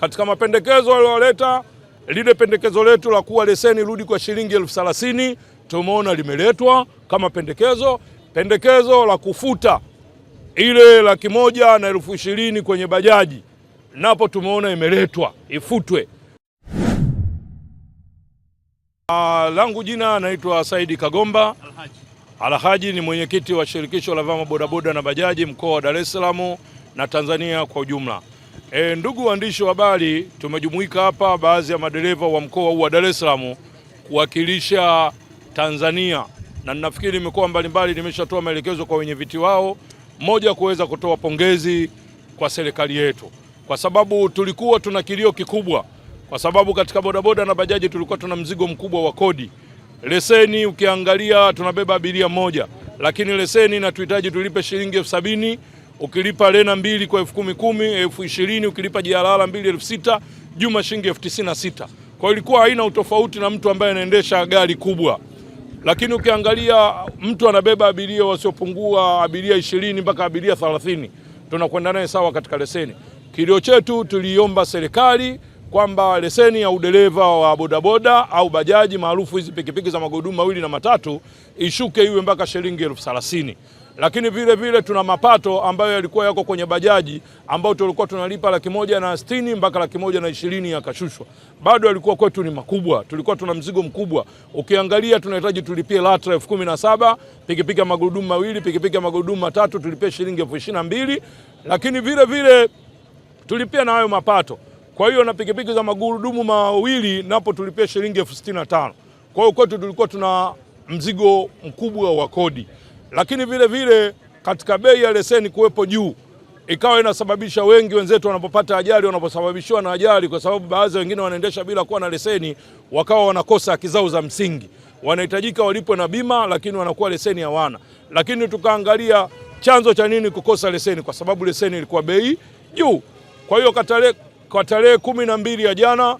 Katika mapendekezo aliyoleta, lile pendekezo letu la kuwa leseni rudi kwa shilingi elfu thelathini tumeona limeletwa kama pendekezo. Pendekezo la kufuta ile laki moja na elfu ishirini kwenye bajaji napo tumeona imeletwa ifutwe. Uh, langu jina naitwa Saidi Kagomba Alhaji. Alhaji ni mwenyekiti wa shirikisho la vyama bodaboda na bajaji mkoa wa Dar es Salaam na Tanzania kwa ujumla. E, ndugu waandishi wa habari, tumejumuika hapa baadhi ya madereva wa mkoa huu wa Dar es Salaam kuwakilisha Tanzania, na ninafikiri mikoa mbalimbali nimeshatoa maelekezo kwa wenyeviti wao, moja kuweza kutoa pongezi kwa serikali yetu, kwa sababu tulikuwa tuna kilio kikubwa, kwa sababu katika bodaboda na bajaji tulikuwa tuna mzigo mkubwa wa kodi. Leseni ukiangalia tunabeba abiria moja lakini leseni tuhitaji tulipe shilingi elfu sabini ukilipa lena mbili kwa elfu kumi kumi, elfu ishirini ukilipa jialala mbili elfu sita juma shilingi elfu tisini na sita kwa ilikuwa haina utofauti na mtu ambaye anaendesha gari kubwa, lakini ukiangalia mtu anabeba abiria wasiopungua abiria ishirini mpaka abiria thelathini tunakwenda naye sawa katika leseni. Kilio chetu tuliomba serikali kwamba leseni ya udereva wa bodaboda au bajaji maarufu hizi pikipiki za magurudumu mawili na matatu ishuke iwe mpaka shilingi elfu thelathini lakini vile vile tuna mapato ambayo yalikuwa yako kwenye bajaji ambayo tulikuwa tunalipa laki moja na sitini mpaka laki moja na ishirini yakashushwa, bado yalikuwa kwetu ni makubwa, tulikuwa tuna mzigo mkubwa. Ukiangalia tunahitaji tulipie LATRA elfu kumi na saba pikipiki ya magurudumu mawili, pikipiki ya magurudumu matatu tulipie shilingi elfu ishirini na mbili lakini vile vile tulipia na hayo mapato. Kwa hiyo na pikipiki za magurudumu mawili napo tulipia shilingi elfu sitini na tano. Kwa hiyo kwetu tulikuwa tuna mzigo mkubwa wa kodi lakini vile vile katika bei ya leseni kuwepo juu, ikawa inasababisha wengi wenzetu wanapopata ajali, wanaposababishiwa na ajali, kwa sababu baadhi wengine wanaendesha bila kuwa na leseni, wakawa wanakosa haki zao za msingi. Wanahitajika walipwe na bima, lakini wanakuwa leseni hawana. Lakini tukaangalia chanzo cha nini kukosa leseni, kwa sababu leseni ilikuwa bei juu. Kwa hiyo kwa tarehe kumi na mbili ya jana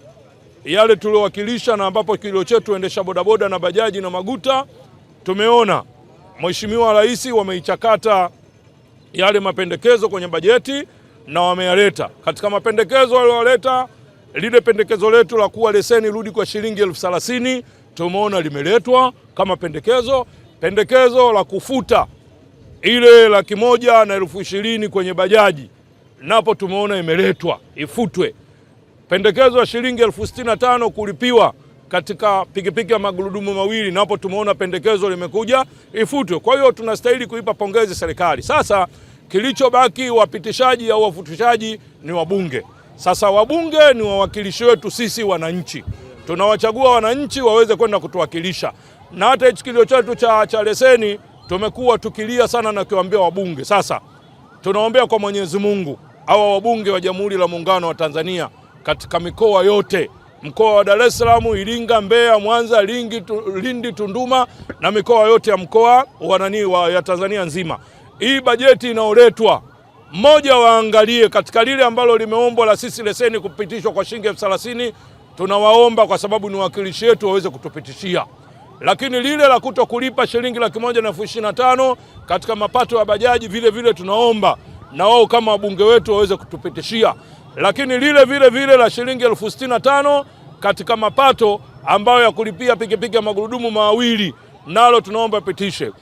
yale tuliowakilisha na ambapo kilio chetu endesha bodaboda na bajaji na maguta tumeona Mheshimiwa Rais wameichakata yale mapendekezo kwenye bajeti na wameyaleta katika mapendekezo walioleta. Lile pendekezo letu la kuwa leseni rudi kwa shilingi elfu thelathini tumeona limeletwa kama pendekezo. Pendekezo la kufuta ile laki moja na elfu ishirini kwenye bajaji napo tumeona imeletwa ifutwe. Pendekezo la shilingi elfu sitini na tano kulipiwa katika pikipiki ya magurudumu mawili, napo tumeona pendekezo limekuja ifutwe. Kwa hiyo tunastahili kuipa pongezi serikali. Sasa kilichobaki wapitishaji au wafutishaji ni wabunge. Sasa wabunge ni wawakilishi wetu sisi wananchi, tunawachagua wananchi waweze kwenda kutuwakilisha, na hata hichi kilio chetu cha, cha leseni tumekuwa tukilia sana na kiwaambia wabunge. Sasa tunaombea kwa Mwenyezi Mungu hawa wabunge wa Jamhuri la Muungano wa Tanzania katika mikoa yote mkoa wa Dar es Salaam, Iringa, Mbeya, Mwanza, Lingi, tu, Lindi, Tunduma na mikoa yote ya mkoa wa nani wa ya Tanzania nzima. Hii bajeti inayoletwa mmoja waangalie katika lile ambalo limeombwa la sisi leseni kupitishwa kwa shilingi elfu thelathini tunawaomba kwa sababu ni wakilishi wetu waweze kutupitishia, lakini lile la kuto kulipa shilingi laki moja na elfu ishirini na tano katika mapato ya bajaji vile vile tunaomba na wao kama wabunge wetu waweze kutupitishia lakini lile vile vile la shilingi elfu sitini na tano katika mapato ambayo ya kulipia pikipiki ya magurudumu mawili nalo tunaomba pitishe.